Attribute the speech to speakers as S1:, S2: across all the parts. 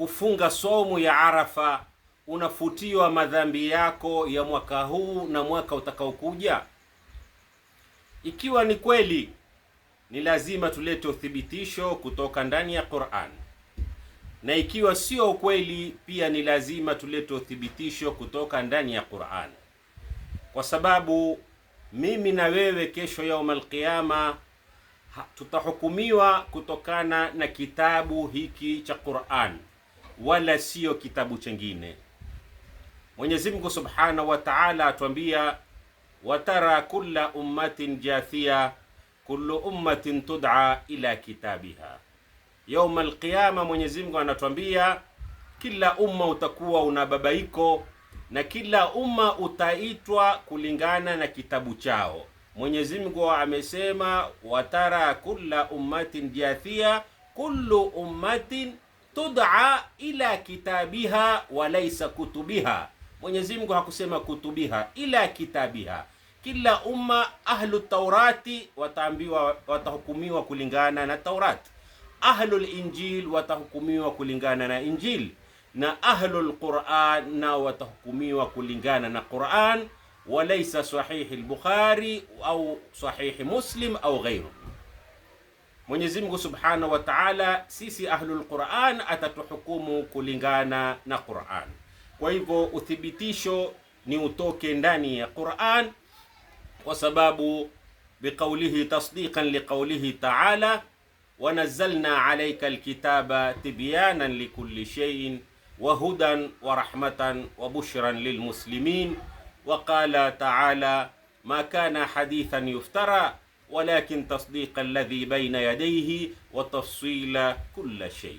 S1: kufunga somu ya Arafa unafutiwa madhambi yako ya mwaka huu na mwaka utakaokuja? Ikiwa ni kweli, ni lazima tulete uthibitisho kutoka ndani ya Qur'an, na ikiwa sio kweli, pia ni lazima tulete uthibitisho kutoka ndani ya Qur'an, kwa sababu mimi na wewe kesho yaumul qiyama tutahukumiwa kutokana na kitabu hiki cha Qur'an wala siyo kitabu chengine. Mwenyezi Mungu Subhanahu wa Ta'ala atuambia, watara kulla ummatin jathia kullu ummatin tud'a ila kitabiha yauma alqiyama. Mwenyezi Mungu anatuambia kila umma utakuwa una babaiko na kila umma utaitwa kulingana na kitabu chao. Mwenyezi Mungu amesema watara kulla ummatin jathia kullu ummatin tud'a ila kitabiha wa laisa kutubiha. Mwenyezi Mungu hakusema kutubiha, ila kitabiha. Kila umma ahlu Taurati wataambiwa, watahukumiwa kulingana na Taurati. Ahlul Injil watahukumiwa kulingana na Injil, na ahlul Quran nao watahukumiwa kulingana na Quran, walaysa sahihi al au sahihi Muslim au ghairu Mwenyezi Mungu Subhanahu wa Ta'ala, sisi ahlul Qur'an atatuhukumu kulingana na Qur'an. Kwa hivyo uthibitisho ni utoke ndani ya Qur'an, kwa sababu biqaulihi tasdiqan liqaulihi ta'ala wa nazzalna alayka alkitaba tibyanan likulli shay'in wa hudan wa rahmatan wa bushran lilmuslimin wa qala ta'ala ma kana hadithan yuftara ولكن تصديق الذي بين يديه وتفصيل كل شيء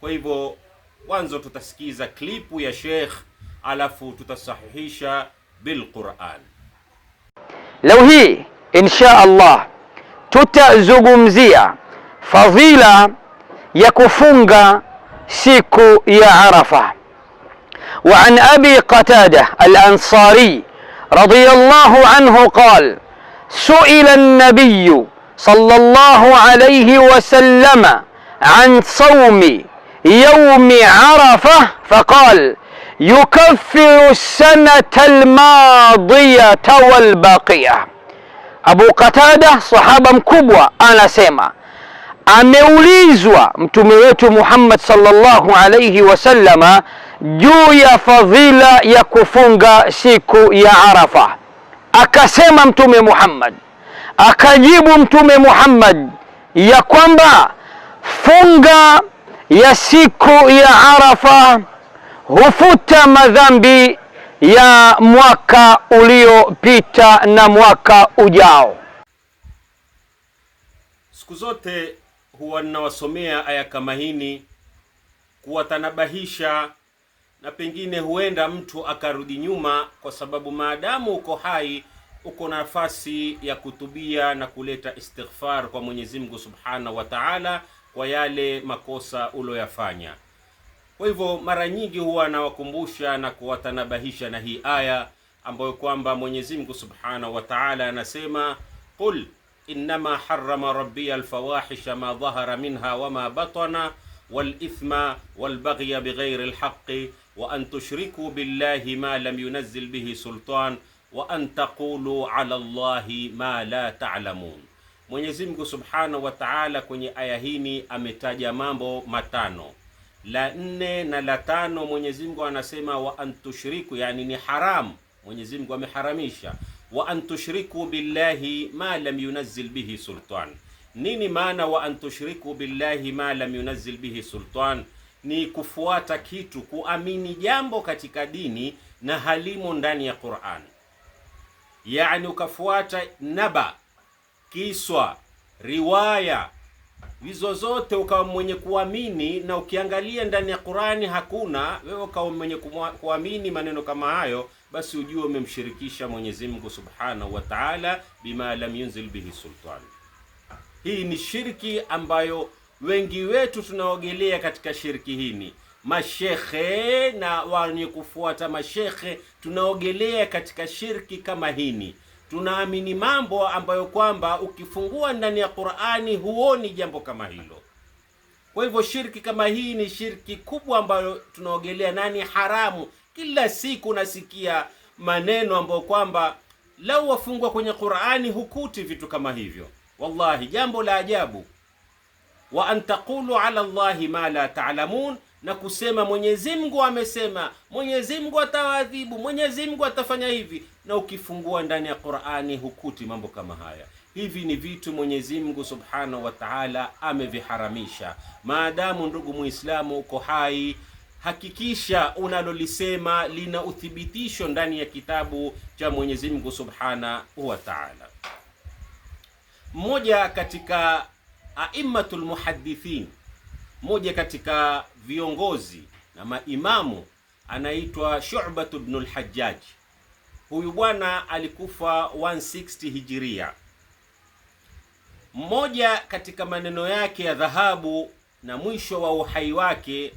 S1: كويبو وانزو تتسكيزا كليب يا شيخ على تتصحيش بالقرآن
S2: لو هي إن شاء الله تتزغمزية فضيلة يا يكفنغ سيكو يا عرفة وعن أبي قتادة الأنصاري رضي الله عنه قال سئل النبي صلى الله عليه وسلم عن صوم يوم عرفه فقال يكفر السنه الماضيه والباقيه ابو قتاده صحابه مكبوة انا سيما ameulizwa mtume محمد صلى الله عليه وسلم juu ya fadhila ya kufunga siku ya Akasema Mtume Muhammad, akajibu Mtume Muhammad ya kwamba funga ya siku ya Arafa hufuta madhambi ya mwaka uliopita na mwaka ujao.
S1: Siku zote huwa ninawasomea aya kama hini kuwatanabahisha na pengine huenda mtu akarudi nyuma, kwa sababu maadamu uko hai uko na nafasi ya kutubia na kuleta istighfar kwa Mwenyezi Mungu Subhanahu wa Ta'ala kwa yale makosa uloyafanya. Kwa hivyo mara nyingi huwa anawakumbusha na kuwatanabahisha na hii aya ambayo kwamba Mwenyezi Mungu Subhanahu wa Ta'ala anasema qul innama harrama rabbiya alfawahisha ma dhahara minha wama batana walithma walbaghya bighairi alhaqqi wa an tushriku billahi ma lam yunazzil bihi sultan wa an taqulu ala Allahi ma la ta'lamun. Mwenyezi Mungu Subhanahu wa Ta'ala kwenye aya hini ametaja mambo matano. La nne na la tano Mwenyezi Mungu anasema wa tushriku yani ni haram Mwenyezi Mungu ameharamisha wa tushriku billahi ma lam yunazzil bihi sultan. Nini maana wa tushriku billahi ma lam yunazzil bihi sultan? ni kufuata kitu, kuamini jambo katika dini na halimo ndani ya Qur'ani, yaani ukafuata naba, kiswa, riwaya hizo zote ukawa mwenye kuamini, na ukiangalia ndani ya Qur'ani hakuna, wewe ukawa mwenye kuamini maneno kama hayo, basi ujue umemshirikisha Mwenyezi Mungu Subhanahu wa Ta'ala bima lam yunzil bihi sultan. Hii ni shirki ambayo wengi wetu tunaogelea katika shirki hili, mashekhe na wenye kufuata mashekhe tunaogelea katika shirki kama hini. Tunaamini mambo ambayo kwamba ukifungua ndani ya Qur'ani huoni jambo kama hilo. Kwa hivyo shirki kama hii ni shirki kubwa ambayo tunaogelea nani haramu. Kila siku nasikia maneno ambayo kwamba lau wafungwa kwenye Qur'ani hukuti vitu kama hivyo. Wallahi jambo la ajabu wa an taqulu ala Allahi ma la ta'lamun, na kusema Mwenyezi Mungu amesema, Mwenyezi Mungu atawadhibu, Mwenyezi Mungu atafanya hivi, na ukifungua ndani ya Qur'ani hukuti mambo kama haya. Hivi ni vitu Mwenyezi Mungu Subhanahu wa Ta'ala ameviharamisha. Maadamu ndugu Muislamu uko hai, hakikisha unalolisema lina uthibitisho ndani ya kitabu cha Mwenyezi Mungu Subhanahu wa Ta'ala. Mmoja katika aimmatul muhaddithin, moja katika viongozi na maimamu anaitwa Shu'batu bnu hajjaj Huyu bwana alikufa 160 hijiria. Mmoja katika maneno yake ya dhahabu na mwisho wa uhai wake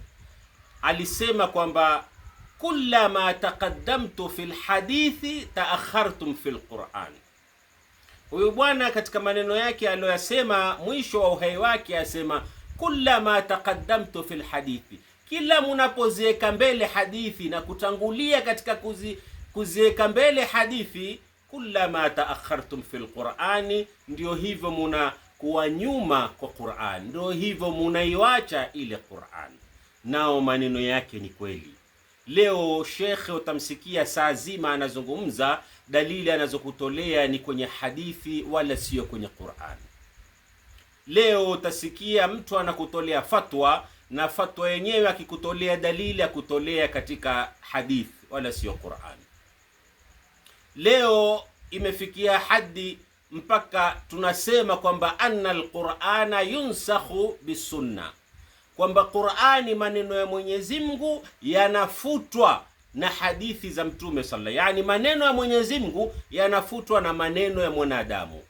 S1: alisema kwamba kullama taqaddamtu fi lhadithi taakhartum fi lquran Huyu bwana katika maneno yake aliyoyasema mwisho wa uhai wake asema, kullama taqaddamtu fil hadithi, kila munapoziweka mbele hadithi na kutangulia katika kuzi kuziweka mbele hadithi, kullama taakhartum fil qurani, ndio hivyo muna kuwa nyuma kwa Qur'an, ndio hivyo munaiwacha ile Qur'an. Nao maneno yake ni kweli. Leo shekhe utamsikia saa zima anazungumza dalili anazokutolea ni kwenye hadithi wala siyo kwenye Qur'an. Leo utasikia mtu anakutolea fatwa na fatwa yenyewe akikutolea dalili ya kutolea katika hadithi wala siyo Qur'an. Leo imefikia hadi mpaka tunasema kwamba anna alqur'ana yunsakhu bisunna, kwamba Qur'ani maneno ya Mwenyezi Mungu yanafutwa na hadithi za Mtume sala, yani maneno ya Mwenyezi Mungu yanafutwa na maneno ya mwanadamu.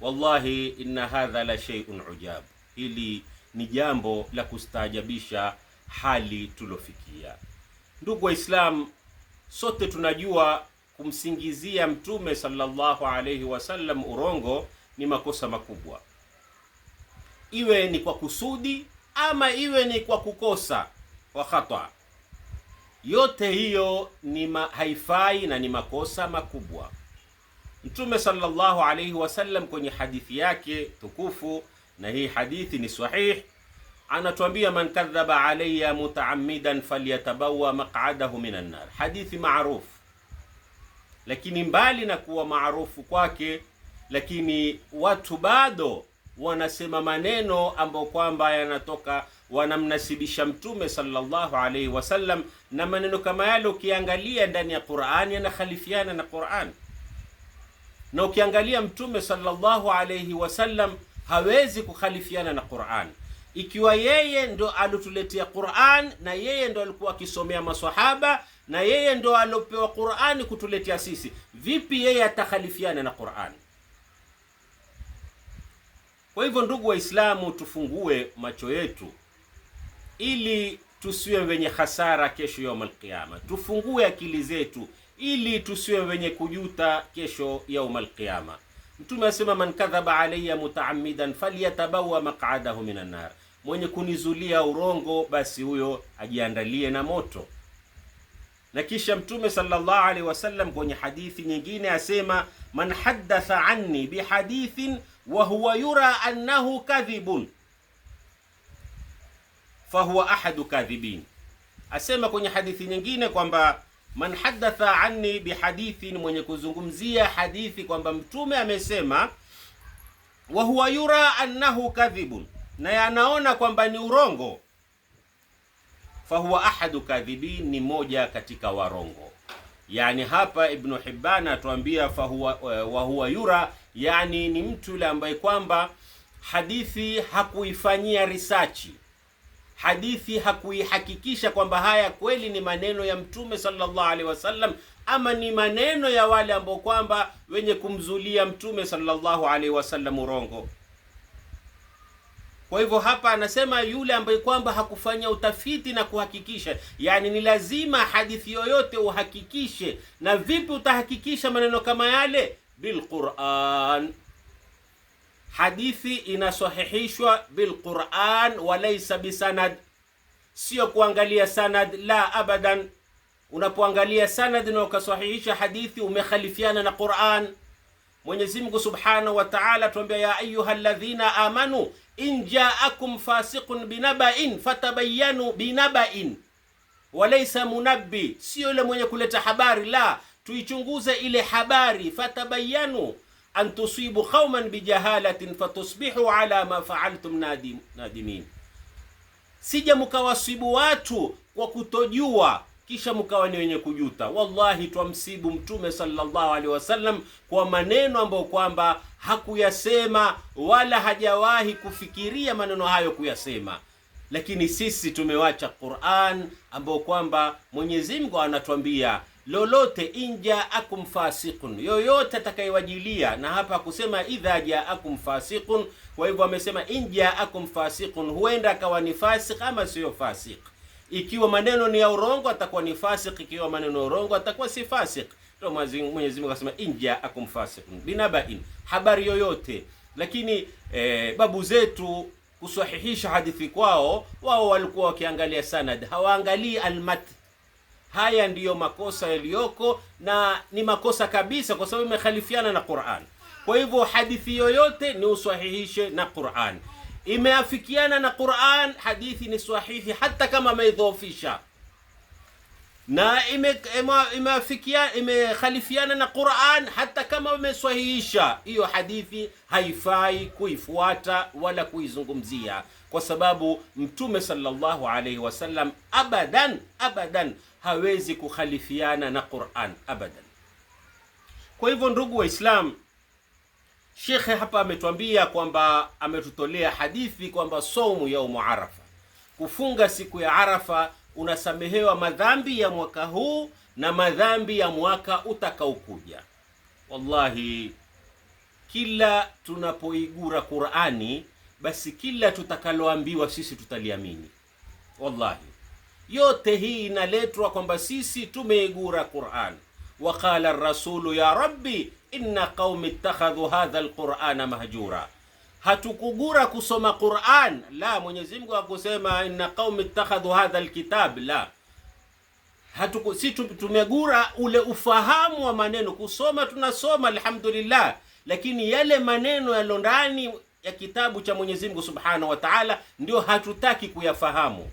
S1: Wallahi, inna hadha la shay'un ujab, hili ni jambo la kustaajabisha hali tulofikia. Ndugu Waislamu, sote tunajua kumsingizia Mtume sallallahu alayhi wasallam urongo ni makosa makubwa, iwe ni kwa kusudi ama iwe ni kwa kukosa kwa khata yote hiyo ni haifai na ni makosa makubwa. Mtume sallallahu alayhi wasallam kwenye hadithi yake tukufu, na hii hadithi ni sahih, anatuambia man kadhaba alayya mutaammidan falyatabawa maq'adahu minan nar, hadithi maarufu. Lakini mbali na kuwa maarufu kwake, lakini watu bado wanasema maneno ambayo kwamba yanatoka wanamnasibisha Mtume sallallahu alaihi wasallam, na maneno kama yale ukiangalia ndani ya Qur'an yanakhalifiana na Qur'an, na ukiangalia Mtume sallallahu alaihi wasallam hawezi kukhalifiana na Qur'an ikiwa yeye ndo alituletea Qur'an na yeye ndo alikuwa akisomea maswahaba na yeye ndo alopewa Qur'ani kutuletea sisi, vipi yeye atakhalifiana na Qur'ani? Kwa hivyo, ndugu Waislamu, tufungue macho yetu ili tusiwe wenye hasara kesho ya malkiama, Tufungue akili zetu ili tusiwe wenye kujuta kesho ya malkiama. Mtume asema, man kadhaba alayya mutaammidan falyatabawa maq'adahu minan nar, mwenye kunizulia urongo basi huyo ajiandalie na moto. Na kisha Mtume sallallahu alaihi wasallam kwenye hadithi nyingine asema, man haddatha anni bihadithin wa huwa yura annahu kadhibun fahuwa ahadu kadhibin. Asema kwenye hadithi nyingine kwamba man hadatha anni bihadithin, mwenye kuzungumzia hadithi kwamba mtume amesema, wa huwa yura annahu kadhibun, na anaona kwamba ni urongo. Fahuwa ahadu kadhibin, ni moja katika warongo. Yani hapa Ibnu Hibban atuambia fahuwa eh, wa huwa yura, yani ni mtu yule ambaye kwamba hadithi hakuifanyia risachi hadithi hakuihakikisha kwamba haya kweli ni maneno ya Mtume sallallahu alaihi wasallam ama ni maneno ya wale ambao kwamba wenye kumzulia Mtume sallallahu alaihi wasallam urongo. Kwa hivyo hapa anasema yule ambaye kwamba hakufanya utafiti na kuhakikisha, yani ni lazima hadithi yoyote uhakikishe. Na vipi utahakikisha maneno kama yale? Bilquran hadithi inasahihishwa bilquran walaisa bisanad, sio kuangalia sanad, la abadan. Unapoangalia sanad na ukasahihisha hadithi umekhalifiana na Quran. Mwenyezi Mungu subhanahu wa ta'ala tuambia, ya ayuha alladhina amanu in ja'akum fasiqun binaba'in fatabayyanu binaba'in walaisa munabbi, sio yule mwenye kuleta habari, la tuichunguze ile habari, fatabayyanu an tusibu qauman bijahalatin fatusbihu ala ma faaltum nadim, nadimin, sija mkawasibu watu kwa kutojua kisha mkawa ni wenye kujuta. Wallahi, twamsibu Mtume sallallahu alaihi wasallam kwa maneno ambayo kwamba hakuyasema wala hajawahi kufikiria maneno hayo kuyasema, lakini sisi tumewacha Qur'an ambayo kwamba Mwenyezi Mungu anatwambia lolote akum fasiqun, yoyote atakayewajilia. Na hapa kusema idha akum fasiqun, kwa hivyo amesema akum fasiqun, huenda akawa ni fasiq ama siyo fasiq. Ikiwa maneno ni ya urongo atakuwa ni fasiq, ikiwa maneno ya urongo atakuwa si fasiq. Ndio Mwenyezi Mungu akasema akum fasiqun binabain, habari yoyote. Lakini eh, babu zetu kusahihisha hadithi kwao, wao walikuwa wakiangalia sanad, hawaangalii almatn Haya ndiyo makosa yaliyoko na ni makosa kabisa, kwa sababu imekhalifiana na Qur'an. Kwa hivyo hadithi yoyote ni usahihishe na Qur'an. Imeafikiana na Qur'an, hadithi ni sahihi, hata kama ameidhoofisha na ime, imeafikia imekhalifiana na Qur'an hata kama umeswahihisha, hiyo hadithi haifai kuifuata wala kuizungumzia kwa sababu Mtume sallallahu alaihi wasallam abadan abadan hawezi kukhalifiana na Qur'an abadan. Kwa hivyo ndugu Waislam, shekhe hapa ametuambia kwamba ametutolea hadithi kwamba somu yaumu Arafa, kufunga siku ya Arafa unasamehewa madhambi ya mwaka huu na madhambi ya mwaka utakaokuja. Wallahi, kila tunapoigura Qur'ani basi kila tutakaloambiwa sisi tutaliamini. Wallahi, yote hii inaletwa kwamba sisi tumeigura Qur'an. Waqala ar-rasulu ya rabbi inna qaumi ittakhadhu hadha al-Qur'ana mahjura. Hatukugura kusoma Qur'an, la. Mwenyezi Mungu akusema inna qaumi ittakhadhu hadha al-kitab, la. Hatuku, si tumegura ule ufahamu wa maneno. Kusoma tunasoma alhamdulillah, lakini yale maneno yalo ndani ya kitabu cha Mwenyezi Mungu Subhanahu wa Ta'ala ndio hatutaki kuyafahamu.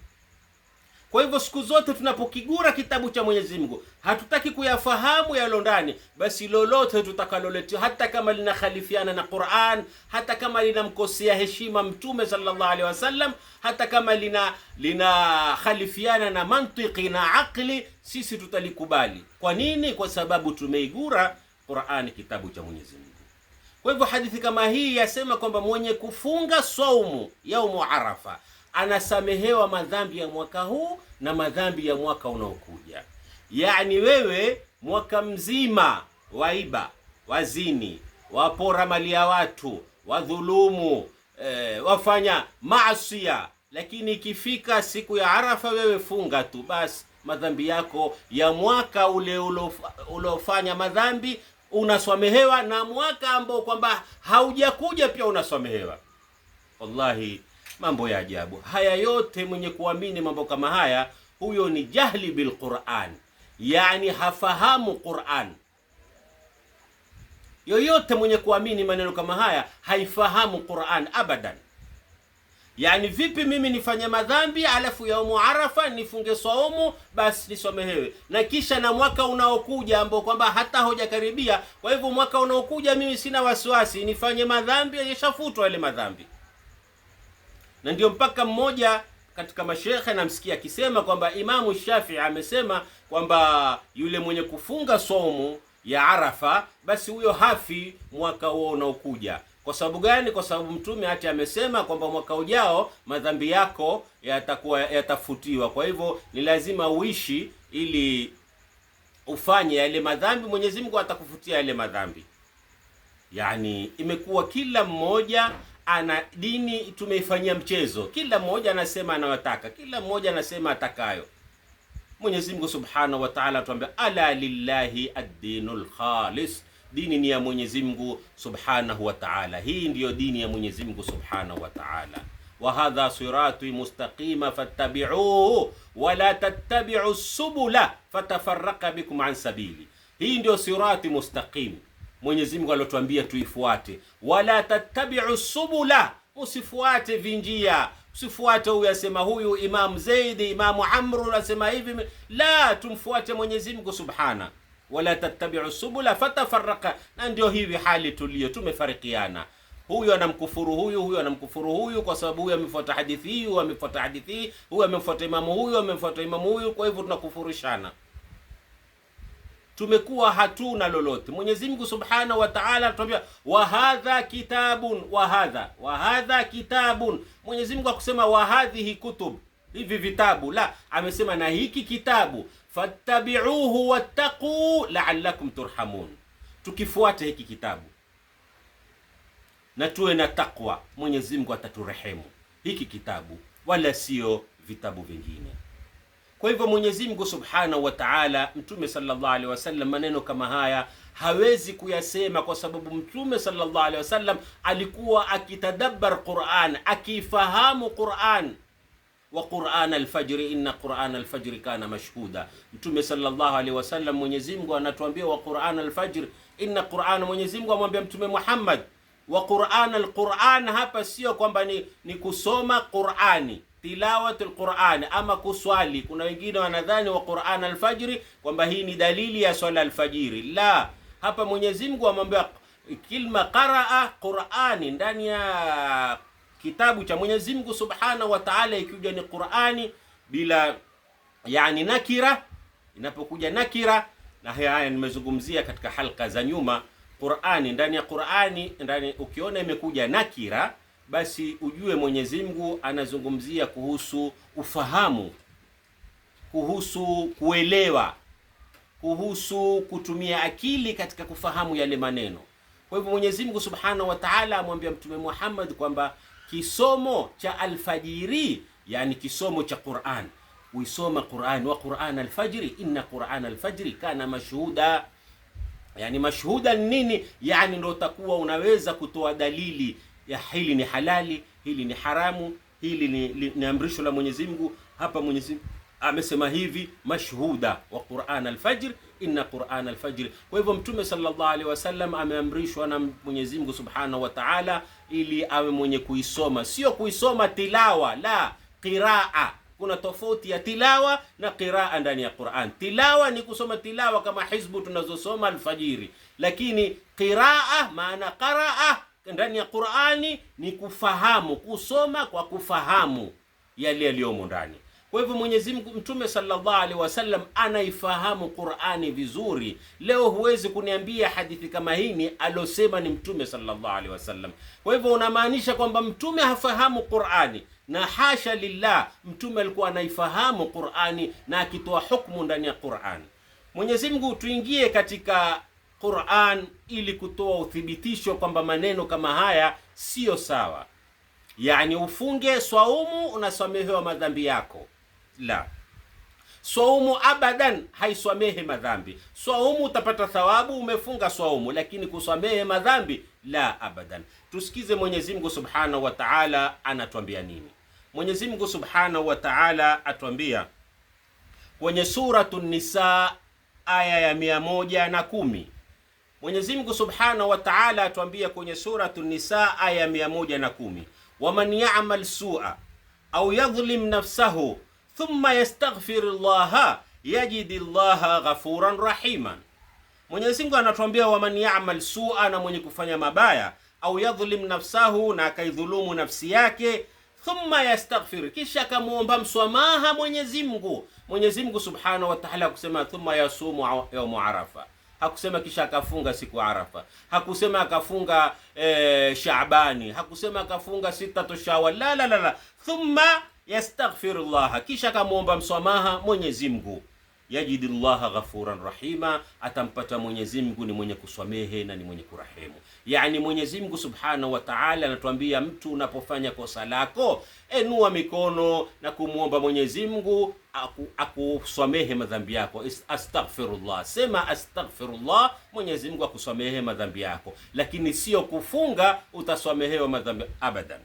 S1: Kwa hivyo siku zote tunapokigura kitabu cha Mwenyezi Mungu hatutaki kuyafahamu yalo ndani, basi lolote tutakaloletea, hata kama linakhalifiana na Qur'an, hata kama linamkosea heshima Mtume sallallahu alaihi wasallam, hata kama lina linakhalifiana na mantiki na akli, sisi tutalikubali. Kwa nini? Kwa sababu tumeigura Qur'an, kitabu cha Mwenyezi Mungu. Kwa hivyo hadithi kama hii yasema kwamba mwenye kufunga saumu yaumu Arafa anasamehewa madhambi ya mwaka huu na madhambi ya mwaka unaokuja. Yaani wewe mwaka mzima waiba, wazini, wapora mali ya watu, wadhulumu, e, wafanya maasia, lakini ikifika siku ya Arafa wewe funga tu basi madhambi yako ya mwaka ule uliofanya madhambi unasamehewa, na mwaka ambao kwamba haujakuja pia unasamehewa. Wallahi, mambo ya ajabu haya yote. Mwenye kuamini mambo kama haya, huyo ni jahli bil Qur'an, yani hafahamu Qur'an. Yoyote mwenye kuamini maneno kama haya haifahamu Qur'an abadan. Yaani vipi mimi nifanye madhambi alafu yaumu arafa nifunge saumu basi nisomehewe, na kisha na mwaka unaokuja ambao kwamba hata hojakaribia. Kwa hivyo mwaka unaokuja mimi sina wasiwasi, nifanye madhambi, yashafutwa yale madhambi. Na ndio mpaka mmoja katika mashehe namsikia akisema kwamba Imamu Shafii amesema kwamba yule mwenye kufunga somu ya Arafa basi huyo hafi mwaka huo unaokuja. Kwa sababu gani? Kwa sababu mtume hata amesema kwamba mwaka ujao madhambi yako yatakuwa yatafutiwa. Kwa hivyo ni lazima uishi ili ufanye yale madhambi, Mwenyezi Mungu atakufutia yale madhambi. Yaani imekuwa kila mmoja ana dini tumeifanyia mchezo, kila mmoja anasema anayotaka, kila mmoja anasema atakayo. Mwenyezi Mungu Subhanahu wa Ta'ala atuambia, ala lillahi ad-dinul khalis Dini ni ya Mwenyezi Mungu Subhanahu wa Ta'ala. Hii ndiyo dini ya Mwenyezi Mungu Subhanahu wa Ta'ala. Wa hadha sirati mustaqima fattabi'uhu wa la tattabi'u subula fatafarraqa bikum an sabili. Hii ndiyo sirati mustaqim Mwenyezi Mungu alotuambia tuifuate. Wa la tattabi'u subula, usifuate vinjia, usifuate huyu asema huyu Imam Zaidi, Imam Amru anasema hivi. La, tumfuate Mwenyezi Mungu Subhana wala tattabi'u subula fatafaraka, na ndio hivi hali tulio, tumefarikiana. Huyu anamkufuru huyu, huyu anamkufuru huyu, kwa sababu huyu amefuata hadithi hii, huyu amefuata hadithi hii, huyu amemfuata imamu huyu, amemfuata imamu huyu. Kwa hivyo tunakufurishana, tumekuwa hatuna lolote. Mwenyezi Mungu Subhanahu wa Ta'ala anatuambia wa hadha kitabun wa hadha wa hadha kitabun. Mwenyezi Mungu akusema wa hadhihi kutub, hivi vitabu la, amesema na hiki kitabu fattabi'uhu wattaqu la'allakum turhamun, tukifuata hiki kitabu na tuwe na takwa, Mwenyezi Mungu ataturehemu hiki kitabu, wala sio vitabu vingine. Kwa hivyo Mwenyezi Mungu Subhanahu wa Ta'ala, Mtume sallallahu alaihi wasallam, maneno kama haya hawezi kuyasema kwa sababu Mtume sallallahu alaihi wasallam alikuwa akitadabbar Qur'an, akiifahamu Qur'an wa Qur'an al-fajri inna Qur'an al-fajri kana mashhuda. Mtume sallallahu alaihi wasallam, Mwenyezi Mungu anatuambia wa Qur'an al-fajr inna Qur'an, Mwenyezi Mungu amwambia Mtume Muhammad wa Qur'an al-Qur'an, hapa sio kwamba ni, ni kusoma Qur'ani al Qur'an ama kuswali. Kuna wengine wanadhani wa Qur'an al-fajri kwamba hii ni dalili ya swala alfajiri. La, hapa Mwenyezi Mungu amwambia kilma qaraa Qur'ani ndani ya kitabu cha Mwenyezi Mungu Subhanahu wa Ta'ala, ikija ni Qur'ani bila yani nakira. Inapokuja nakira, na haya nimezungumzia katika halka za nyuma, Qur'ani ndani ya Qur'ani ndani, ukiona imekuja nakira, basi ujue Mwenyezi Mungu anazungumzia kuhusu ufahamu, kuhusu kuelewa, kuhusu kutumia akili katika kufahamu yale maneno. Kwa hivyo Mwenyezi Mungu Subhanahu wa Ta'ala amwambia Mtume Muhammad kwamba kisomo cha alfajiri, yani kisomo cha Qur'an, uisoma Qur'an wa Qur'an alfajri, inna Qur'an alfajri kana mashhuda. Yani mashhuda nini? Yani ndio utakuwa unaweza kutoa dalili ya hili ni halali, hili ni haramu, hili ni, ni, ni amrisho la Mwenyezi Mungu hapa Mwenyezi Mungu amesema hivi mashhuda wa Qur'an al-fajr inna Qur'an al-fajr. Kwa hivyo Mtume sallallahu alaihi wasallam ameamrishwa na Mwenyezi Mungu subhanahu wa Ta'ala ili awe mwenye kuisoma, sio kuisoma tilawa la qiraa. Kuna tofauti ya tilawa na qiraa ndani ya Qur'an. Tilawa ni kusoma tilawa kama hizbu tunazosoma alfajiri, lakini qiraa maana qaraa ndani ya Qur'ani ni kufahamu, kusoma kwa kufahamu yale yaliyomo ndani kwa hivyo Mwenyezi Mungu, Mtume sallallahu alaihi wasallam anaifahamu Qur'ani vizuri. Leo huwezi kuniambia hadithi kama hii ni alosema ni Mtume sallallahu alaihi wasallam. Kwa hivyo unamaanisha kwamba Mtume hafahamu Qur'ani? Na hasha lillah, Mtume alikuwa anaifahamu Qur'ani na akitoa hukumu ndani ya Qur'ani. Mwenyezi Mungu, tuingie katika Qur'an ili kutoa uthibitisho kwamba maneno kama haya siyo sawa, yaani ufunge swaumu, unasamehewa madhambi yako la Swaumu abadan haiswamehe madhambi. Swaumu utapata thawabu, umefunga swaumu, lakini kuswamehe madhambi la abadan. Tusikize Mwenyezi Mungu Subhanahu wa Ta'ala anatuambia nini. Mwenyezi Mungu Subhanahu wa Ta'ala atuambia kwenye suratu Nisa aya ya mia moja na kumi. Mwenyezi Mungu Subhanahu wa Ta'ala atuambia kwenye suratu Nisa aya ya mia moja na kumi, waman ya'mal su'a au yadhlim nafsahu thumma yastaghfir llaha yajidi llaha ghafuran rahiman. Mwenyezi Mungu anatuambia waman yamal sua, na mwenye kufanya mabaya au yadhlim nafsahu, na akaidhulumu nafsi yake thumma yastaghfir, kisha akamwomba msamaha Mwenyezi Mungu. Mwenyezi Mungu subhanahu wa ta'ala hakusema thumma yasumu yaumu Arafa, hakusema kisha akafunga siku Arafa, hakusema akafunga e, eh, Shaabani, hakusema akafunga sita Shawwal. La, la, la, la, thumma yastaghfirullah, kisha akamwomba msamaha Mwenyezi Mungu, yajidullaha ghafuran rahima, atampata Mwenyezi Mungu ni mwenye kuswamehe na ni mwenye kurahimu Yani Mwenyezi Mungu subhanahu wa taala anatuambia mtu unapofanya kosa lako enua mikono na kumwomba Mwenyezi Mungu akusamehe madhambi yako, astaghfirullah. Sema astaghfirullah, Mwenyezi Mungu akusamehe madhambi yako, lakini sio kufunga utaswamehewa madhambi abadan.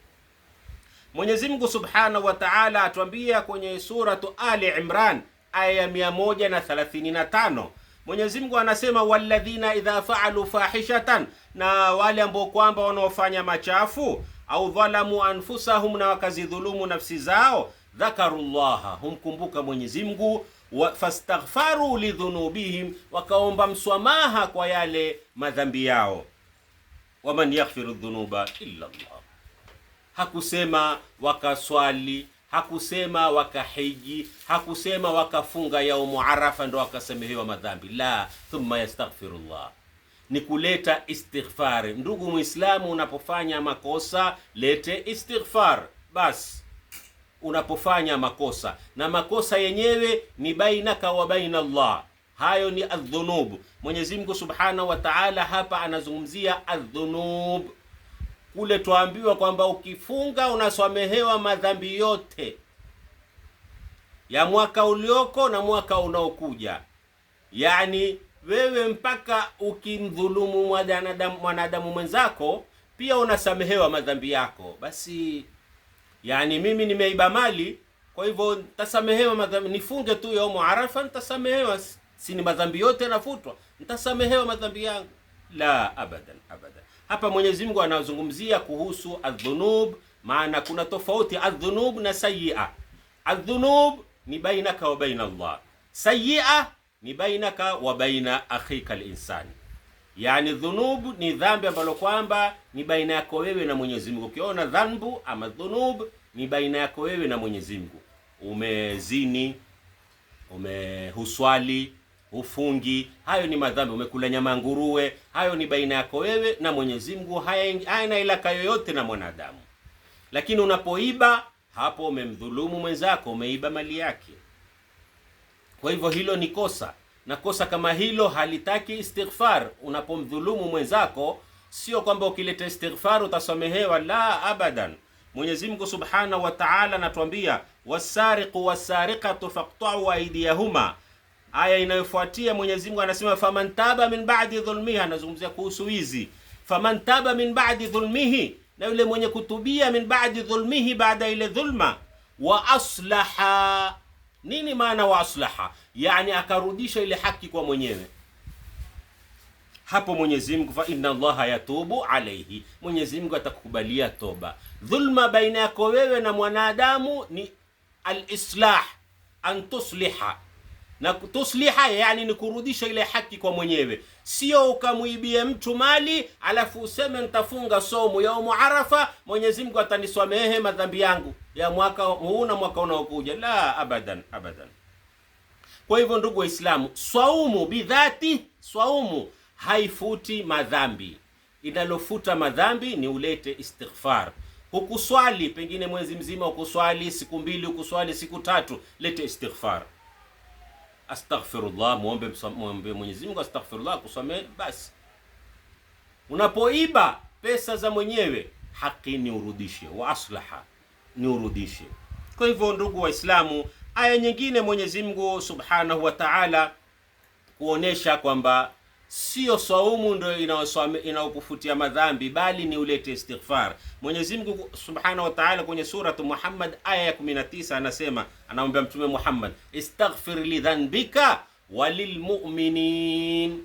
S1: Mwenyezi Mungu Subhanahu wa Ta'ala atuambia kwenye suratu Ali Imran aya ya 135. Mwenyezi Mungu anasema walladhina idha faalu fahishatan, na wale ambao kwamba wanaofanya machafu au dhalamu anfusahum, na wakazidhulumu nafsi zao, dhakarullaha, humkumbuka Mwenyezi Mungu, fastaghfaru lidhunubihim, wakaomba mswamaha kwa yale madhambi yao, waman yaghfiru dhunuba illa Allah hakusema wakaswali, hakusema wakahiji, hakusema wakafunga yaumu arafa ndo wakasamehewa madhambi. La, thumma yastaghfirullah ni kuleta istighfari. Ndugu Mwislamu, unapofanya makosa lete istighfar basi unapofanya makosa na makosa yenyewe ni bainaka wa baina llah hayo ni adhunub. Mwenyezi Mungu subhanahu wa taala hapa anazungumzia adhunub kule twaambiwa kwamba ukifunga unasamehewa madhambi yote ya mwaka ulioko na mwaka unaokuja. Yaani wewe mpaka ukimdhulumu mwanadamu mwanadamu mwenzako pia unasamehewa madhambi yako. Basi yani mimi nimeiba mali, kwa hivyo nitasamehewa madhambi, nifunge tu yaumu Arafa nitasamehewa, si ni madhambi yote nafutwa nitasamehewa madhambi yangu? La, abadan abadan. Hapa Mwenyezi Mungu anazungumzia kuhusu adhunub, maana kuna tofauti adhunub na sayia. Adhunub ni bainaka wa baina Allah, sayia ni bainaka wa baina akhika linsani. Yani dhunub ni dhambi ambalo kwamba ni baina yako wewe na Mwenyezi Mungu. Ukiona dhambu ama dhunub ni baina yako wewe na Mwenyezi Mungu, umezini, umehuswali ufungi, hayo ni madhambi. Umekula nyama nguruwe, hayo ni baina yako wewe na Mwenyezi Mungu, hayana ilaka yoyote na mwanadamu. Lakini unapoiba hapo, umemdhulumu mwenzako, umeiba mali yake. Kwa hivyo hilo ni kosa, na kosa kama hilo halitaki istighfar. Unapomdhulumu mwenzako, sio kwamba ukileta istighfar utasamehewa, la abadan. Mwenyezi Mungu Subhanahu wa Ta'ala anatuambia, wasariqu wasariqatu faqta'u aydiyahuma Aya inayofuatia Mwenyezi Mungu anasema faman taba min ba'di dhulmihi, anazungumzia kuhusu wizi. Faman taba min ba'di dhulmihi, na yule mwenye kutubia min ba'di dhulmihi, baada ile dhulma. Wa aslaha, nini maana wa aslaha? Yani akarudisha ile haki kwa mwenyewe hapo Mwenyezi Mungu, fa inna Allaha yatubu alayhi, Mwenyezi Mungu atakukubalia toba. Dhulma baina yako wewe na mwanadamu ni alislah, an tusliha na tusliha yani ni kurudisha ile haki kwa mwenyewe, sio ukamwibie mtu mali alafu useme nitafunga somu yaumu Arafa, Mwenyezi Mungu atanisamehe madhambi yangu ya mwaka huu na mwaka unaokuja. La, abadan abadan. Kwa hivyo ndugu Waislamu, swaumu bidhati, swaumu haifuti madhambi. Inalofuta madhambi ni ulete istighfar. Hukuswali pengine mwezi mzima, hukuswali siku mbili, hukuswali siku tatu, lete istighfar astaghfirullah, muombe muombe Mwenyezi Mungu astaghfirullah, kusamehe basi. Unapoiba pesa za mwenyewe, haki ni urudishe, wa aslaha ni urudishe. Kwa hivyo, ndugu Waislamu, aya nyingine Mwenyezi Mungu Subhanahu wa Ta'ala kuonesha kwamba Sio saumu ndio inaokufutia madhambi, bali ni ulete istighfar. Mwenyezi Mungu subhanahu wa taala kwenye suratu Muhammad aya ya 19 anasema, anamwambia Mtume Muhammad, istaghfir lidhanbika walilmuminin.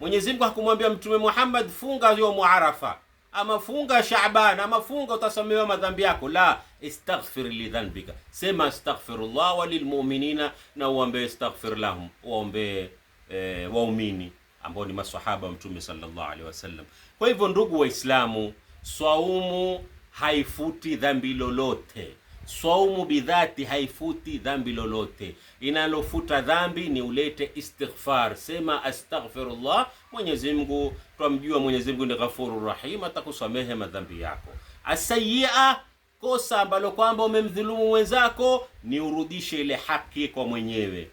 S1: Mwenyezi Mungu hakumwambia Mtume Muhammad funga yomu Arafa ama funga Shaaban ama funga utasamewa madhambi yako. La, istaghfir lidhanbika, sema astaghfirullah walilmuminina, na uombee istaghfir lahum, uombee eh, waumini ambao ni maswahaba wa Mtume sallallahu alaihi wasallam. Kwa hivyo, ndugu Waislamu, swaumu haifuti dhambi lolote. Swaumu bidhati haifuti dhambi lolote. Inalofuta dhambi ni ulete istighfar, sema astaghfirullah. Mwenyezi Mungu twamjua, Mwenyezi Mungu ni ghafuru rahim, atakusamehe madhambi yako. Asayia, kosa ambalo kwamba umemdhulumu mwenzako, ni urudishe ile haki kwa mwenyewe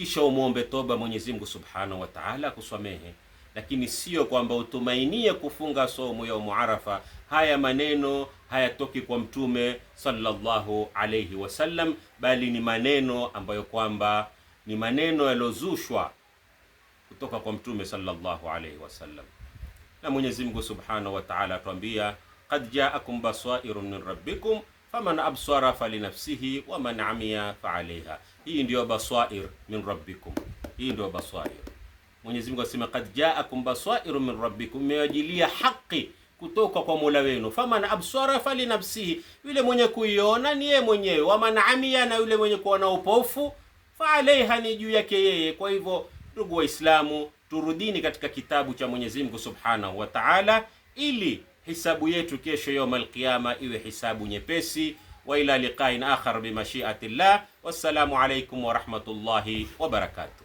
S1: kisha umwombe toba Mwenyezi Mungu Subhanahu wa Ta'ala akusamehe, lakini sio kwamba utumainie kufunga somo ya Muarafa. Haya maneno hayatoki kwa Mtume sallallahu alayhi wasallam, bali ni maneno ambayo kwamba ni maneno yalozushwa kutoka kwa Mtume sallallahu alayhi wasallam. Na Mwenyezi Mungu Subhanahu wa Ta'ala atwambia, qad ja'akum basairu min rabbikum faman absara falinafsihi waman amiya fa'alayha hii ndio baswair min rabbikum, hii ndio baswair. Mwenyezi Mungu asema kad jaakum baswairu min rabbikum, mmewajilia haki kutoka kwa Mola wenu. Faman absara fali nafsihi, yule mwenye kuiona ni yeye mwenyewe. Waman amia, na yule mwenye kuona upofu fa alaiha, ni juu yake yeye. Kwa hivyo ndugu Waislamu, turudini katika kitabu cha Mwenyezi Mungu subhanahu wa taala, ili hisabu yetu kesho yauma qiyama iwe hisabu nyepesi. والى لقاء اخر بمشيئه الله والسلام عليكم ورحمه الله وبركاته